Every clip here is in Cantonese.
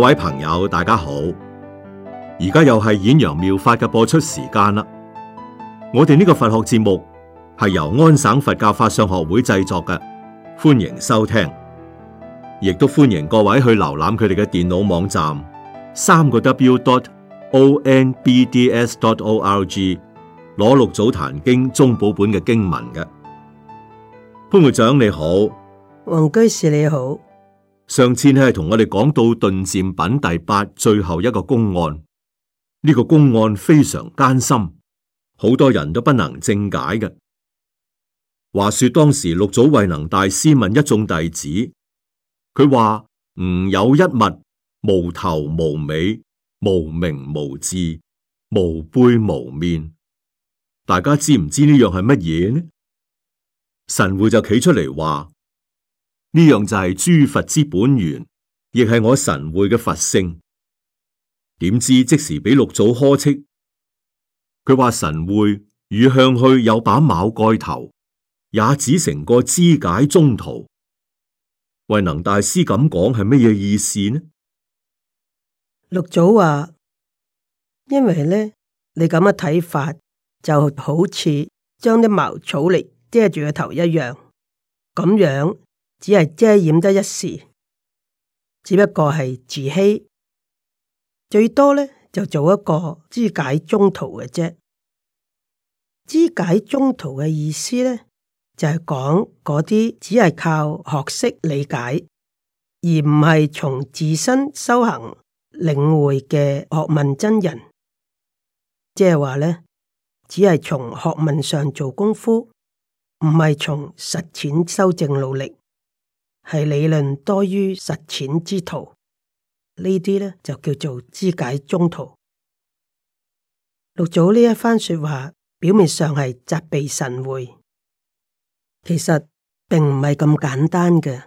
各位朋友，大家好！而家又係演揚妙法嘅播出時間啦。我哋呢個佛學節目係由安省佛教法相學會製作嘅，歡迎收聽，亦都歡迎各位去瀏覽佢哋嘅電腦網站，三個 W dot O N B D S dot O L G 攞六祖壇經宗寶本嘅經文嘅。潘會長你好，黃居士你好。上次咧係同我哋講到《頓漸品》第八最後一個公案，呢、這個公案非常艱辛，好多人都不能正解嘅。話說當時六祖慧能大師問一眾弟子，佢話：吾有一物，無頭無尾，無名無字，無背無面。大家知唔知呢樣係乜嘢呢？神會就企出嚟話。呢樣就係諸佛之本源，亦係我神會嘅佛性。點知即時俾六祖呵斥，佢話神會與向去有把茅蓋頭，也只成個知解宗徒。慧能大師咁講係乜嘢意思呢？六祖話：因為咧，你咁嘅睇法就好似將啲茅草嚟遮住個頭一樣，咁樣。只係遮掩得一時，只不過係自欺，最多咧就做一個知解宗徒嘅啫。知解宗徒嘅意思咧，就係講嗰啲只係靠學識理解，而唔係從自身修行領會嘅學問真人。即係話咧，只係從學問上做功夫，唔係從實踐修正努力。係理論多於實踐之徒，呢啲咧就叫做知解宗徒。六祖呢一番說話，表面上係責備神會，其實並唔係咁簡單嘅。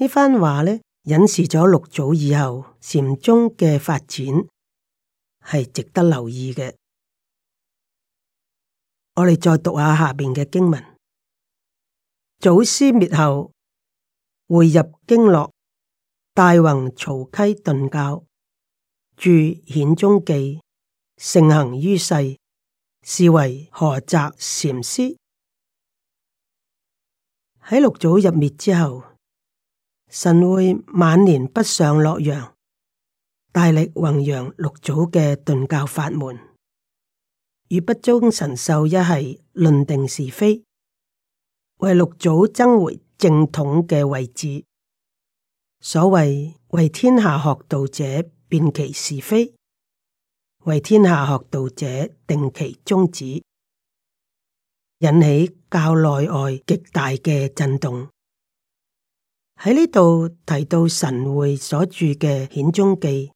呢番話咧，引示咗六祖以後禪宗嘅發展，係值得留意嘅。我哋再讀下下邊嘅經文，祖師滅後。回入京洛，大弘曹溪頓教，著《顯宗記》，盛行於世，是為荷澤禪師。喺六祖入滅之後，神會晚年北上洛陽，大力弘揚六祖嘅頓教法門，與北宗神秀一系論定是非，為六祖爭回，正統嘅位置，所謂為天下學道者辨其是非，為天下學道者定其宗旨，引起教內外極大嘅震動。喺呢度提到神會所著嘅顯宗記，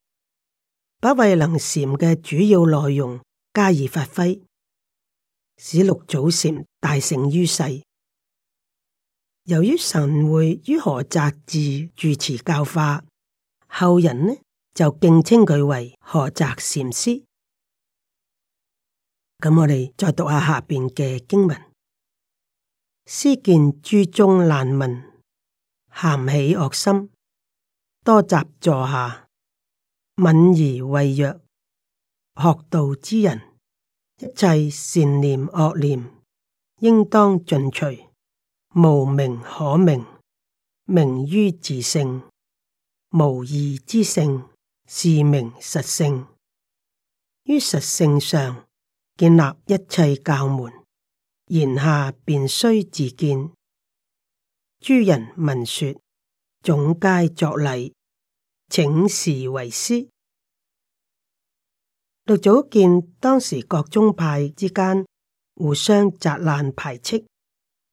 把慧能禪嘅主要內容加以發揮，使六祖禪大成於世。由於神會於何澤寺住持教化，後人呢就敬稱佢為何澤禪師。咁我哋再讀下下邊嘅經文：思見諸宗難聞，咸起惡心，多集座下，敏而為曰：學道之人，一切善念惡念，應當盡除。無名可名，名於自性。無義之性是名實性。於實性上建立一切教門，言下便須自見。諸人聞說，總皆作禮，請示為師。六祖見當時各宗派之間互相責難排斥。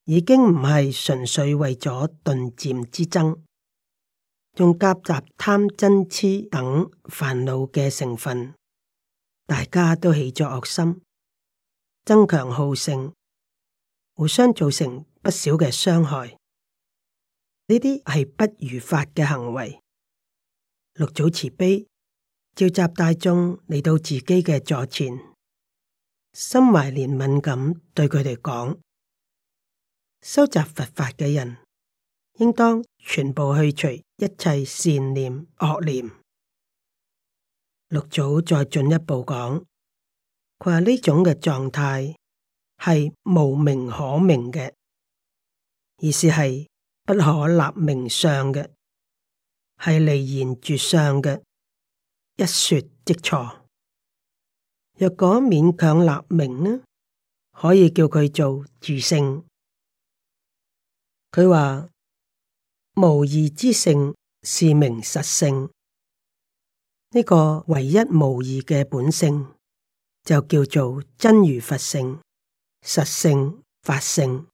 已經唔係純粹為咗頓漸之爭，仲夾雜貪嗔痴等煩惱嘅成分，大家都起咗惡心，爭強好勝，互相造成不少嘅傷害。呢啲係不如法嘅行為。六祖慈悲，召集大眾嚟到自己嘅座前，心懷憐憫咁對佢哋講。收集佛法嘅人，應當全部去除一切善念、惡念。六祖再進一步講，佢話呢種嘅狀態係無名可名嘅，意思係不可立名相嘅，係離言絕相嘅，一說即錯。若果勉強立名呢，可以叫佢做自性。佢話無義之性是名實性，呢、這個唯一無義嘅本性就叫做真如佛性、實性、法性，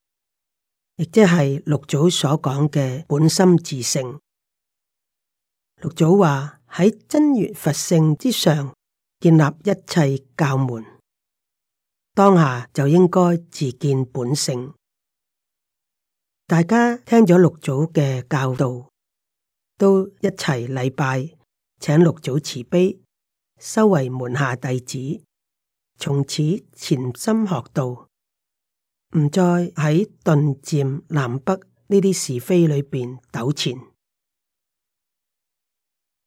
亦即係六祖所講嘅本心自性。六祖話喺真如佛性之上建立一切教門，當下就應該自見本性。大家聽咗六祖嘅教導，都一齊禮拜，請六祖慈悲，收為門下弟子，從此潛心學道，唔再喺頓漸南北呢啲是非裏邊糾纏。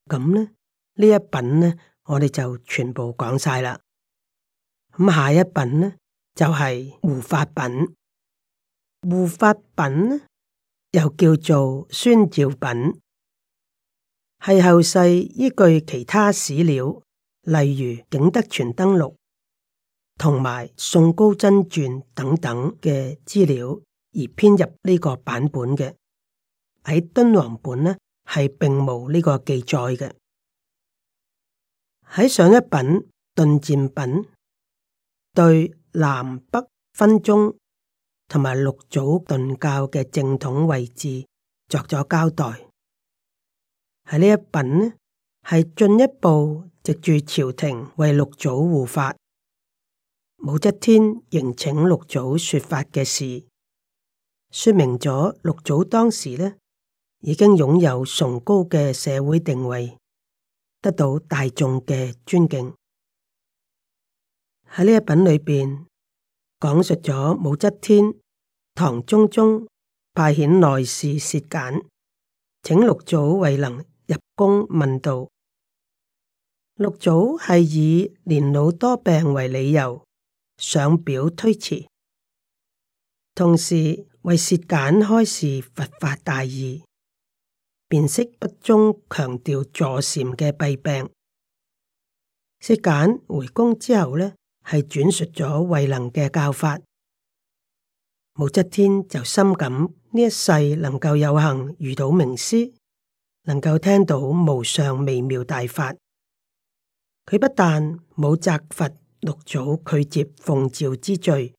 咁呢呢一品呢，我哋就全部講晒啦。咁下一品呢，就係、是、護法品。護法品又叫做宣詔品，係後世依據其他史料，例如《景德傳燈錄》同埋《宋高僧傳》等等嘅資料而編入呢個版本嘅。喺敦煌本呢係並冇呢個記載嘅。喺上一品《頓漸品》對南北分宗，同埋六祖頓教嘅正統位置作咗交代，喺呢一品呢，係進一步藉住朝廷為六祖護法，武則天迎請六祖說法嘅事，說明咗六祖當時呢已經擁有崇高嘅社會定位，得到大眾嘅尊敬。喺呢一品裏邊。講述咗武則天唐中宗派遣內侍薛簡請六祖慧能入宮問道，六祖係以年老多病為理由上表推辭，同時為薛簡開示佛法大義，辨識不忠，強調坐禪嘅弊病。薛簡回宮之後呢，係轉述咗慧能嘅教法，武則天就深感呢一世能夠有幸遇到名師，能夠聽到無上微妙大法。佢不但冇責罰六祖拒絕奉詔之罪，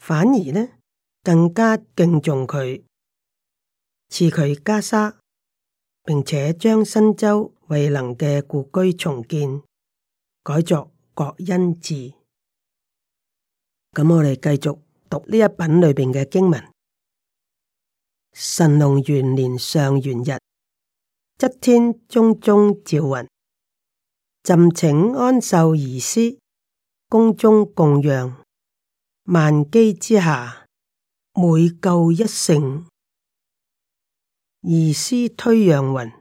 反而呢更加敬重佢，賜佢袈裟，並且將新州慧能嘅故居重建，改作國恩字咁我哋繼續讀呢一品裏邊嘅經文。神龍元年上元日，則天中宗詔云，朕請安秀二師，宮中供養萬機之下，每救一成，二師推讓云，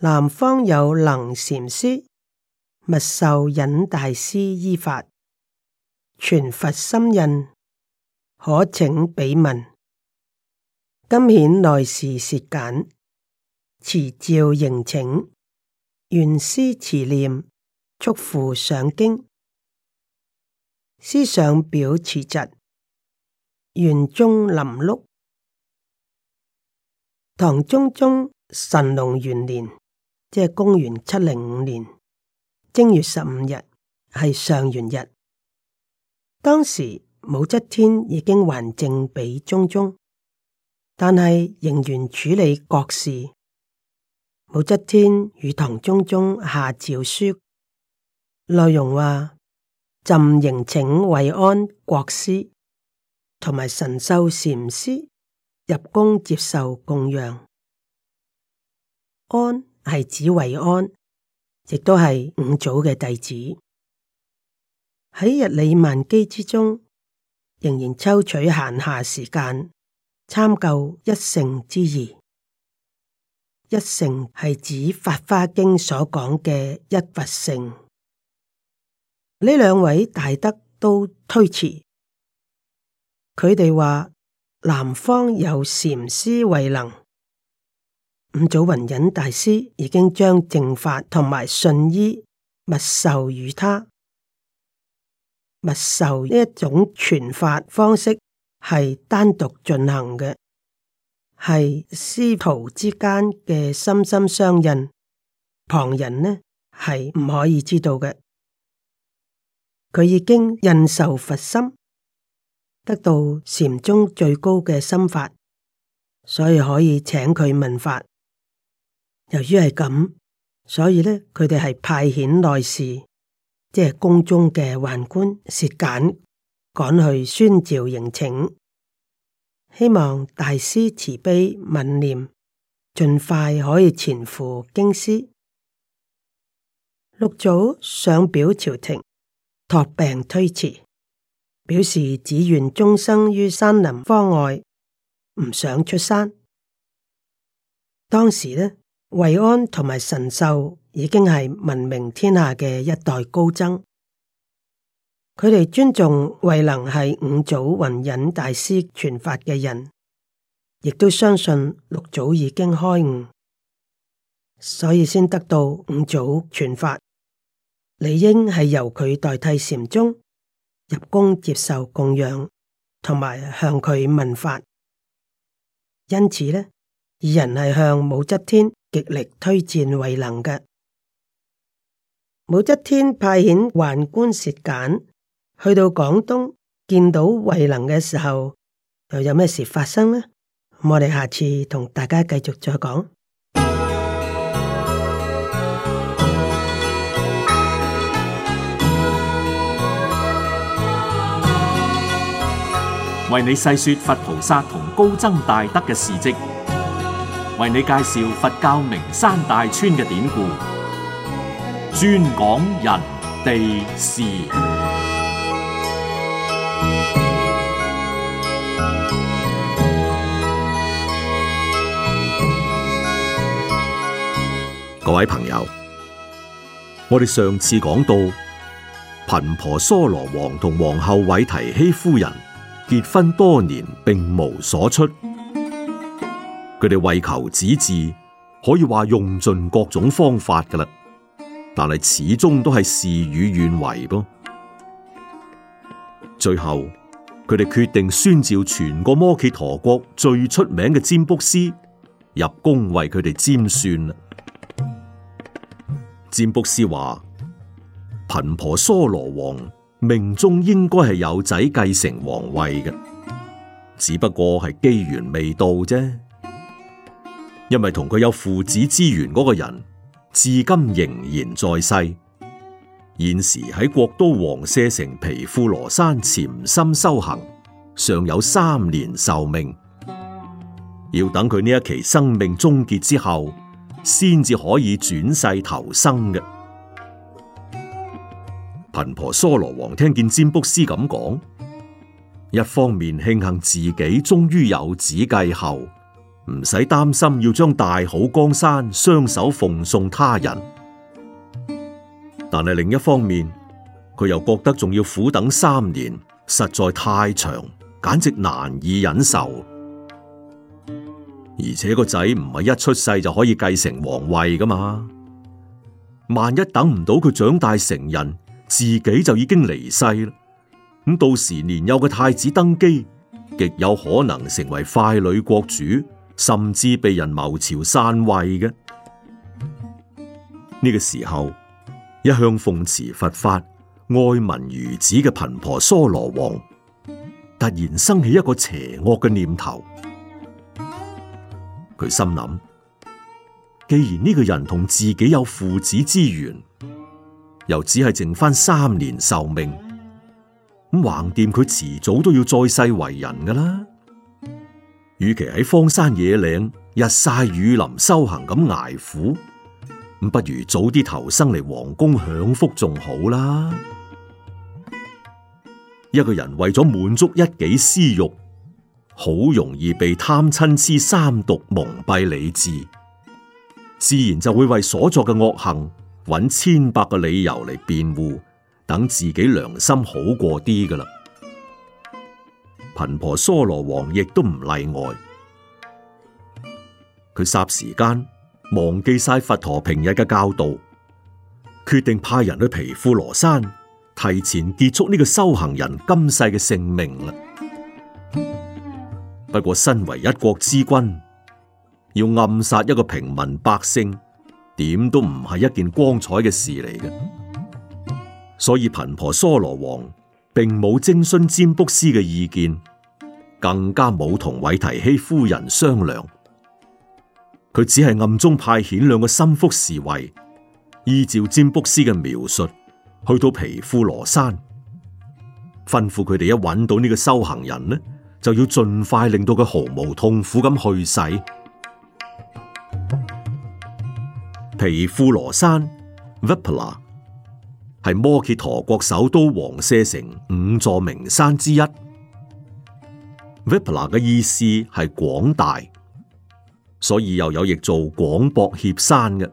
南方有能禪師。密授忍大師衣法，傳佛心印，可請彼問。今遣內侍薛簡，馳詔迎請，願師慈念，速赴上京。師上表辭疾，願終林麓，唐中宗神龍元年，即公元七零五年。正月十五日係上元日，當時武則天已經還政俾中宗，但係仍然處理國事。武則天與唐中宗下詔書，內容話：朕迎請惠安國師同埋神秀禪師入宮接受供養。安係指惠安。亦都係五祖嘅弟子，喺日理萬機之中，仍然抽取閒暇時間參究一乘之義。「一乘」係指《法花經》所講嘅「一佛乘」。呢兩位大德都推辭，佢哋話南方有禪師慧能。五祖云，忍大師已經將正法同埋信依密授與他。密授呢一種傳法方式係單獨進行嘅，係師徒之間嘅心心相印，旁人呢係唔可以知道嘅。佢已經印受佛心，得到禪宗最高嘅心法，所以可以請佢問法。由於係咁，所以咧，佢哋係派遣內侍，即係宮中嘅宦官，薛簡趕去宣召迎請，希望大師慈悲憫念，盡快可以前赴京師。六祖上表朝廷，託病推辭，表示只願終生於山林方外，唔想出山。當時咧。慧安同埋神秀已經係聞名天下嘅一代高僧，佢哋尊重慧能係五祖弘忍大師傳法嘅人，亦都相信六祖已經開悟，所以先得到五祖傳法，理應係由佢代替禪宗入宮接受供養，同埋向佢問法，因此呢。二人係向武則天極力推薦慧能嘅，武則天派遣宦官薛簡去到廣東見到慧能嘅時候，又有咩事發生呢？我哋下次同大家繼續再講。為你細說佛菩薩同高僧大德嘅事跡。為你介紹佛教名山大川嘅典故，專講人地事。士各位朋友，我哋上次講到，頻婆娑羅王同皇后韋提希夫人結婚多年，並無所出。佢哋為求子嗣，可以話用盡各種方法㗎喇，但係始終都係事與願違噃。最後，佢哋決定宣召全個摩揭陀國最出名嘅占卜師入宮為佢哋占算。占卜師話：頻婆娑羅王命中應該係有仔繼承皇位嘅，只不過係機緣未到啫。因為同佢有父子之緣嗰個人，至今仍然在世。現時喺國都王舍城毗富羅山潛心修行，尚有三年壽命，要等佢呢一期生命終結之後，先至可以轉世投生嘅。頻婆娑羅王聽見占卜師咁講，一方面慶幸自己終於有子繼後。唔使擔心要將大好江山雙手奉送他人，但係另一方面，佢又覺得仲要苦等三年，實在太長，簡直難以忍受。而且個仔唔係一出世就可以繼承皇位噶嘛，萬一等唔到佢長大成人，自己就已經離世啦。咁到時年幼嘅太子登基，極有可能成為傀儡國主。甚至被人謀朝篡位嘅。呢個時候，一向奉持佛法、愛民如子嘅頻婆娑羅王，突然生起一個邪惡嘅念頭。佢心諗，既然呢個人同自己有父子之緣，又只係剩翻三年壽命，咁橫掂佢遲早都要再世為人㗎啦。與其喺荒山野嶺日曬雨淋修行咁挨苦，不如早啲投生嚟皇宮享福仲好啦。一個人為咗滿足一己私欲，好容易被貪嗔痴三毒蒙蔽理智，自然就會為所作嘅惡行揾千百個理由嚟辯護，等自己良心好過啲㗎啦。頻婆娑羅王亦都唔例外，佢霎時間忘記晒佛陀平日嘅教導，決定派人去皮富羅山提前結束呢個修行人今世嘅性命啦。不過身為一國之君，要暗殺一個平民百姓，點都唔係一件光彩嘅事嚟嘅，所以頻婆娑羅王並冇徵詢占卜師嘅意見。更加冇同韋提希夫人商量，佢只係暗中派遣兩個心腹侍衛，依照占卜師嘅描述，去到皮富羅山，吩咐佢哋一搵到呢個修行人呢，就要盡快令到佢毫無痛苦咁去世。皮富羅山 （Vipula） 係摩羯陀國首都王舍城五座名山之一。Vipula 嘅意思係廣大，所以又有譯做廣博協山嘅。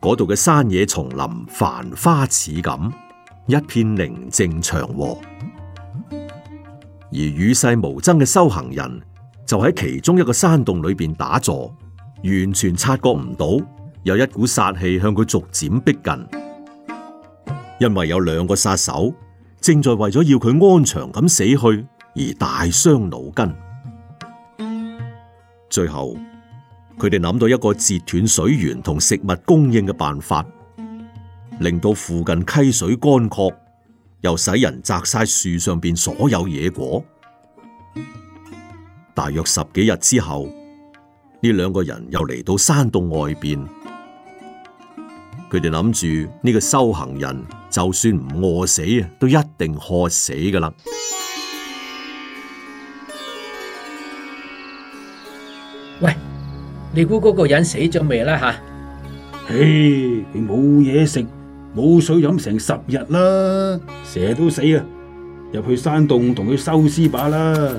嗰度嘅山野叢林繁花似錦，一片寧靜祥和。而與世無爭嘅修行人就喺其中一個山洞裏邊打坐，完全察覺唔到有一股殺氣向佢逐漸逼近，因為有兩個殺手正在為咗要佢安詳咁死去。而大傷腦筋。最後，佢哋諗到一個截斷水源同食物供應嘅辦法，令到附近溪水乾涸，又使人摘晒樹上邊所有野果。大約十幾日之後，呢兩個人又嚟到山洞外邊，佢哋諗住呢個修行人就算唔餓死啊，都一定渴死噶啦。你估嗰個人死咗未啦？吓，嘿，佢冇嘢食，冇水飲成十日啦，成日都死啊！入去山洞同佢收屍把啦，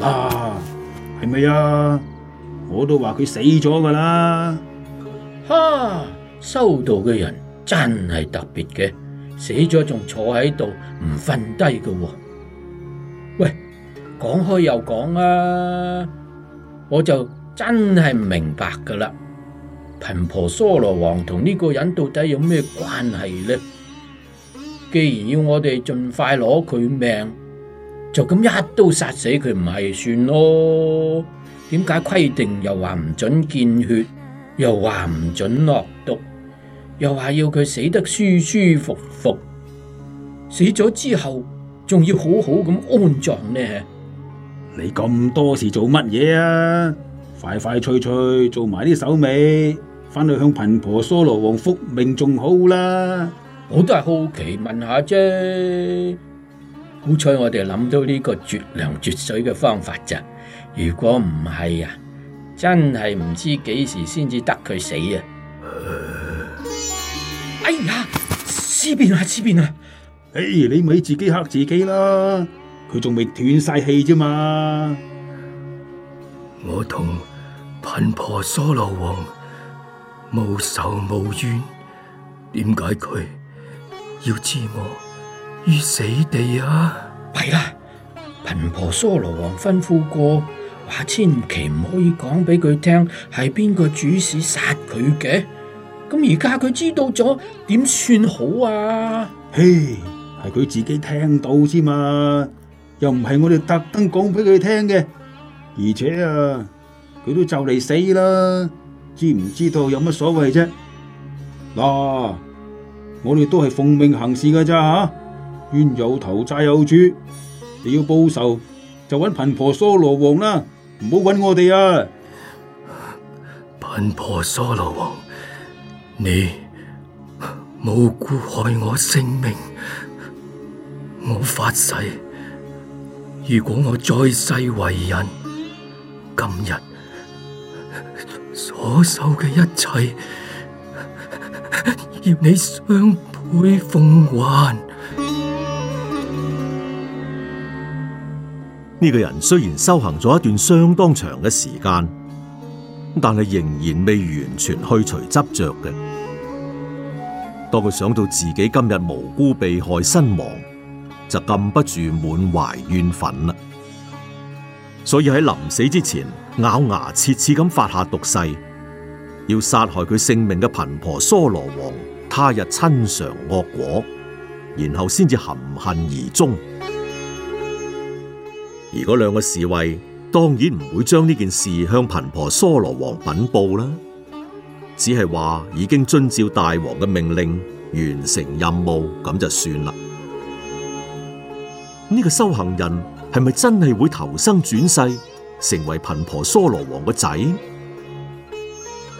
嗱，係咪啊？我都話佢死咗㗎喇，哈，修道嘅人真係特別嘅。死咗仲坐喺度唔瞓低嘅，喂，講開又講啊，我就真係唔明白噶啦，貧婆娑羅王同呢個人到底有咩關係呢？既然要我哋盡快攞佢命，就咁一刀殺死佢唔係算咯？點解規定又話唔准見血，又話唔准咯？又話要佢死得舒舒服服，死咗之後仲要好好咁安葬呢？你咁多事做乜嘢啊？快快脆脆做埋啲手尾，翻去向頻婆娑羅王覆命仲好啦。我都係好奇問下啫。好彩我哋諗到呢個絕糧絕水嘅方法咋。如果唔係啊，真係唔知幾時先至得佢死啊！哎呀，屍變啊，屍變啊！哎，你咪自己吓自己啦，佢仲未斷晒氣啫嘛！我同頻婆娑羅，羅王無仇無怨，點解佢要置我於死地啊？弊啦，頻婆娑羅，羅王吩咐過，話千祈唔可以講俾佢聽係邊個主使殺佢嘅。咁而家佢知道咗點算好啊？嘿，係佢自己聽到之嘛，又唔係我哋特登講俾佢聽嘅。而且啊，佢都就嚟死啦，知唔知道有乜所謂啫？嗱、啊，我哋都係奉命行事噶咋吓，冤有頭債有主，你要報仇就揾貧婆娑羅王啦，唔好揾我哋啊！貧婆娑羅王。你無故害我性命，我發誓，如果我再世為人，今日所受嘅一切，要你雙倍奉還。呢個人雖然修行咗一段相當長嘅時間，但係仍然未完全去除執着嘅。當佢想到自己今日無辜被害身亡，就禁不住滿懷怨憤啦。所以喺臨死之前，咬牙切齒咁發下毒誓，要殺害佢性命嘅頻婆娑羅王，他日親嘗惡果，然後先至含恨而終。而嗰兩個侍衛當然唔會將呢件事向頻婆娑羅王稟報啦。只係話已經遵照大王嘅命令完成任務咁就算啦。呢、這個修行人係咪真係會投生轉世成為頻婆娑羅王嘅仔？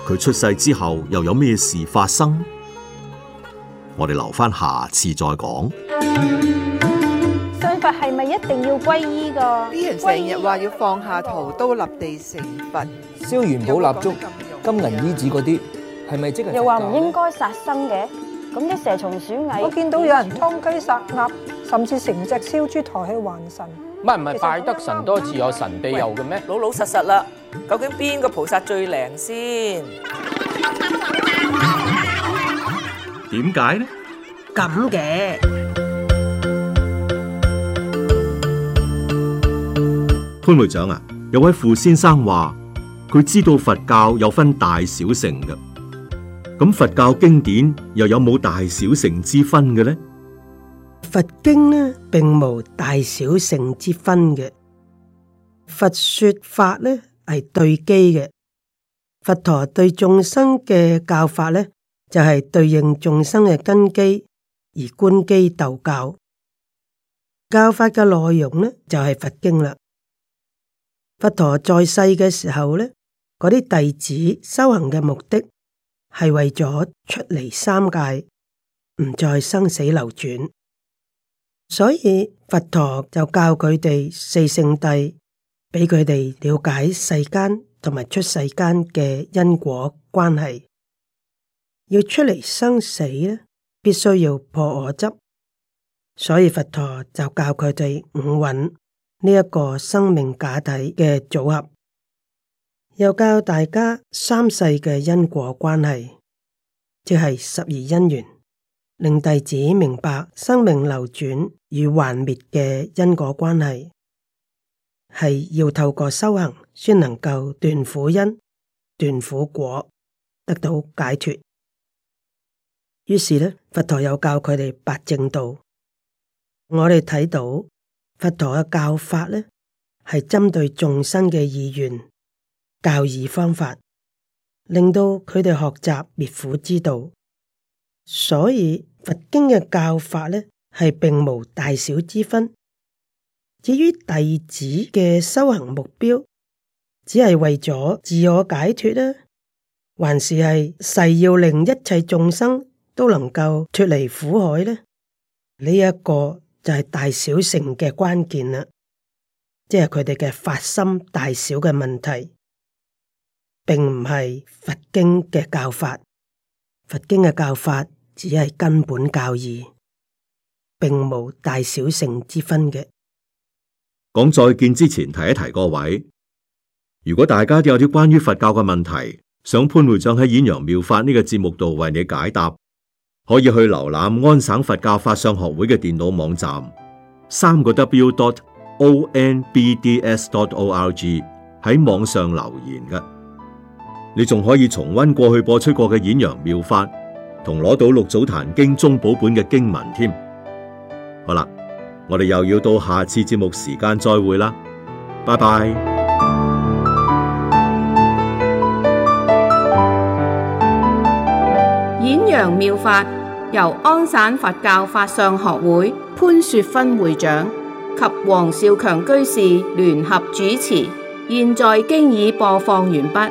佢出世之後又有咩事發生？我哋留翻下，下次再講。信佛係咪一定要皈依嘅？啲些人成日話要放下屠刀立地成佛，燒元寶蠟燭。金銀衣紙嗰啲係咪即係？又話唔應該殺生嘅，咁啲蛇蟲鼠蟻，我見到有人劏雞殺鴨，甚至成隻燒豬抬去還神。唔係唔係，拜得神多自有神庇佑嘅咩？老老實實啦，究竟邊個菩薩最靈先？點解呢？咁嘅潘會長啊，有位傅先生話。佢知道佛教有分大小乘嘅，咁佛教經典又有冇大小乘之分嘅咧？佛經咧，並無大小乘之分嘅。佛說法咧係對機嘅，佛陀對眾生嘅教法咧就係對應眾生嘅根基而觀機逗教，教法嘅內容咧就係佛經啦。佛陀在世嘅時候咧，嗰啲弟子修行嘅目的係為咗出嚟三界，唔再生死流轉，所以佛陀就教佢哋四聖諦，畀佢哋了解世間同埋出世間嘅因果關係。要出嚟生死咧，必須要破我執，所以佛陀就教佢哋五蘊呢一個生命假體嘅組合。又教大家三世嘅因果關係，即係十二因緣，令弟子明白生命流轉與幻滅嘅因果關係，係要透過修行先能夠斷苦因、斷苦果，得到解脫。於是呢，佛陀又教佢哋八正道。我哋睇到佛陀嘅教法呢，係針對眾生嘅意願。教義方法令到佢哋學習滅苦之道，所以佛經嘅教法呢，係並無大小之分。至於弟子嘅修行目標，只係為咗自我解脫呢？還是係誓要令一切眾生都能夠脫離苦海呢？呢、這、一個就係大小乘嘅關鍵啦，即係佢哋嘅發心大小嘅問題。並唔係佛經嘅教法，佛經嘅教法只係根本教義，並冇大小乘之分嘅。講再見之前，提一提各位，如果大家都有啲關於佛教嘅問題，想潘會長喺《演揚妙法》呢個節目度為你解答，可以去瀏覽安省佛教法相學會嘅電腦網站，三個 W dot O N B D S dot O R G 喺網上留言嘅。你仲可以重溫過去播出過嘅演揚妙法，同攞到六祖壇經中寶本嘅經文添。好啦，我哋又要到下次節目時間再會啦，拜拜。演揚妙法由安省佛教法相學會潘雪芬會長及黃少強居士聯合主持，現在經已播放完畢。